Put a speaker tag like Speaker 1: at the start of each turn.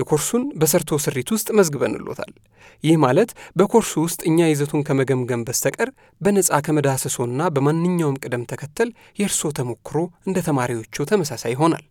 Speaker 1: የኮርሱን በሰርቶ ስሪት ውስጥ መዝግበንሎታል። ይህ ማለት በኮርሱ ውስጥ እኛ ይዘቱን ከመገምገም በስተቀር በነፃ ከመዳሰሶና በማንኛውም ቅደም ተከተል የእርሶ ተሞክሮ እንደ ተማሪዎቹ ተመሳሳይ ይሆናል።